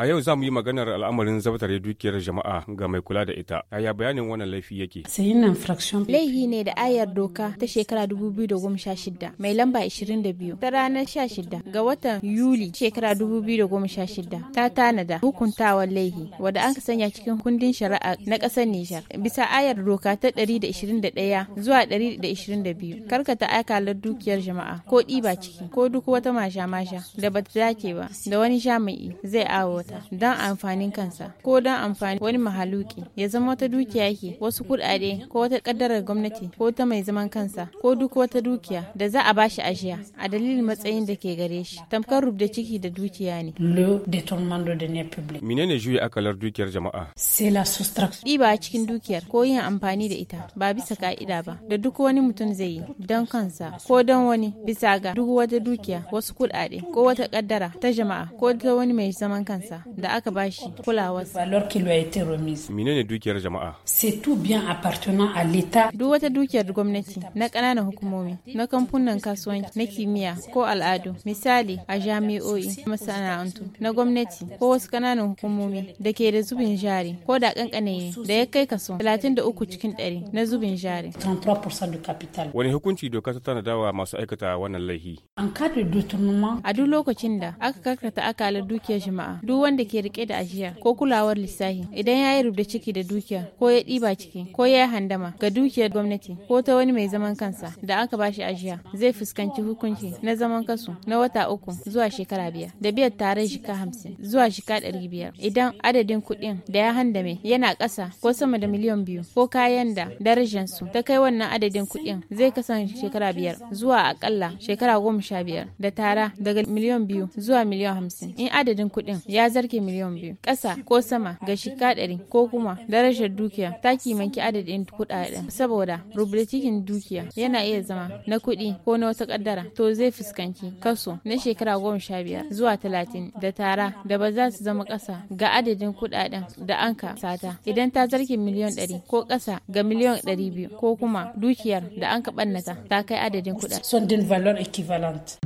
A yau za mu yi maganar al'amarin zabtar dukiyar jama'a ga mai kula da ita. Yaya bayanin wannan laifi yake? Laifi ne da ayar doka ta shekara 2016 mai lamba 22 ta ranar 16 ga watan Yuli shekara 2016 ta tanada hukuntawar laifi wadda an sanya cikin kundin shari'a na ƙasar Nijar. Bisa ayar doka ta 121 zuwa 122 karkata akalar dukiyar jama'a ko ɗiba ciki ko duk wata masha-masha da bata dace ba da wani jami'i zai awo ma'aikata don amfanin kansa ko don amfani wani mahaluki ya zama wata dukiya ke wasu kuɗaɗe ko wata ƙaddarar gwamnati ko ta mai zaman kansa ko duk wata dukiya da za a bashi ajiya a dalilin matsayin da ke gare shi tamkar rubda ciki da dukiya ne. Menene juya akalar dukiyar jama'a? Ɗiba cikin dukiyar ko yin amfani da ita ba bisa ka'ida ba da duk wani mutum zai yi don kansa ko don wani bisa ga duk wata dukiya wasu kuɗaɗe ko wata ƙaddara ta jama'a ko ta wani mai zaman kansa da aka bashi kulawarsa. ne dukiyar jama'a? Duk wata dukiyar gwamnati na ƙananan hukumomi, na kamfunan kasuwanci, na kimiyya ko al'adu, misali a jami'o'i, masana'antu, na gwamnati ko wasu ƙananan hukumomi da ke da zubin jari ko da ƙanƙanaye da ya kai kaso 33 cikin 100 na zubin jari. Wani hukunci doka ta tana dawa masu aikata wannan laifi? A duk lokacin da aka karkata akalar dukiyar jama'a, duk wanda ke rike da ajiya ko kulawar lissahi idan ya yi rubda ciki da dukiya ko ya ɗiba ciki ko ya handama ga dukiyar gwamnati ko ta wani mai zaman kansa da aka bashi ajiya zai fuskanci hukunci na zaman kasu na wata uku zuwa shekara biyar da biyar tare shika hamsin zuwa shika ɗari biyar idan adadin kuɗin da ya handame yana ƙasa ko sama da miliyan biyu ko kayan da darajarsu ta kai wannan adadin kuɗin zai kasance shekara biyar zuwa aƙalla shekara goma sha biyar da tara daga miliyan biyu zuwa miliyan hamsin in adadin kuɗin ya ya zarge miliyan biyu ƙasa ko sama ga shika ɗari ko kuma darajar dukiya ta kimanki adadin kuɗaɗen saboda rubutikin dukiya yana iya zama na kuɗi ko na wata ƙaddara to zai fuskanci kaso na shekara goma sha biyar zuwa talatin da tara da ba za su zama ƙasa ga adadin kuɗaɗen da an ka sata idan ta zarge miliyan ɗari ko ƙasa ga miliyan ɗari biyu ko kuma dukiyar da an ka ɓannata ta kai adadin kuɗaɗen. Son d'une valeur équivalente.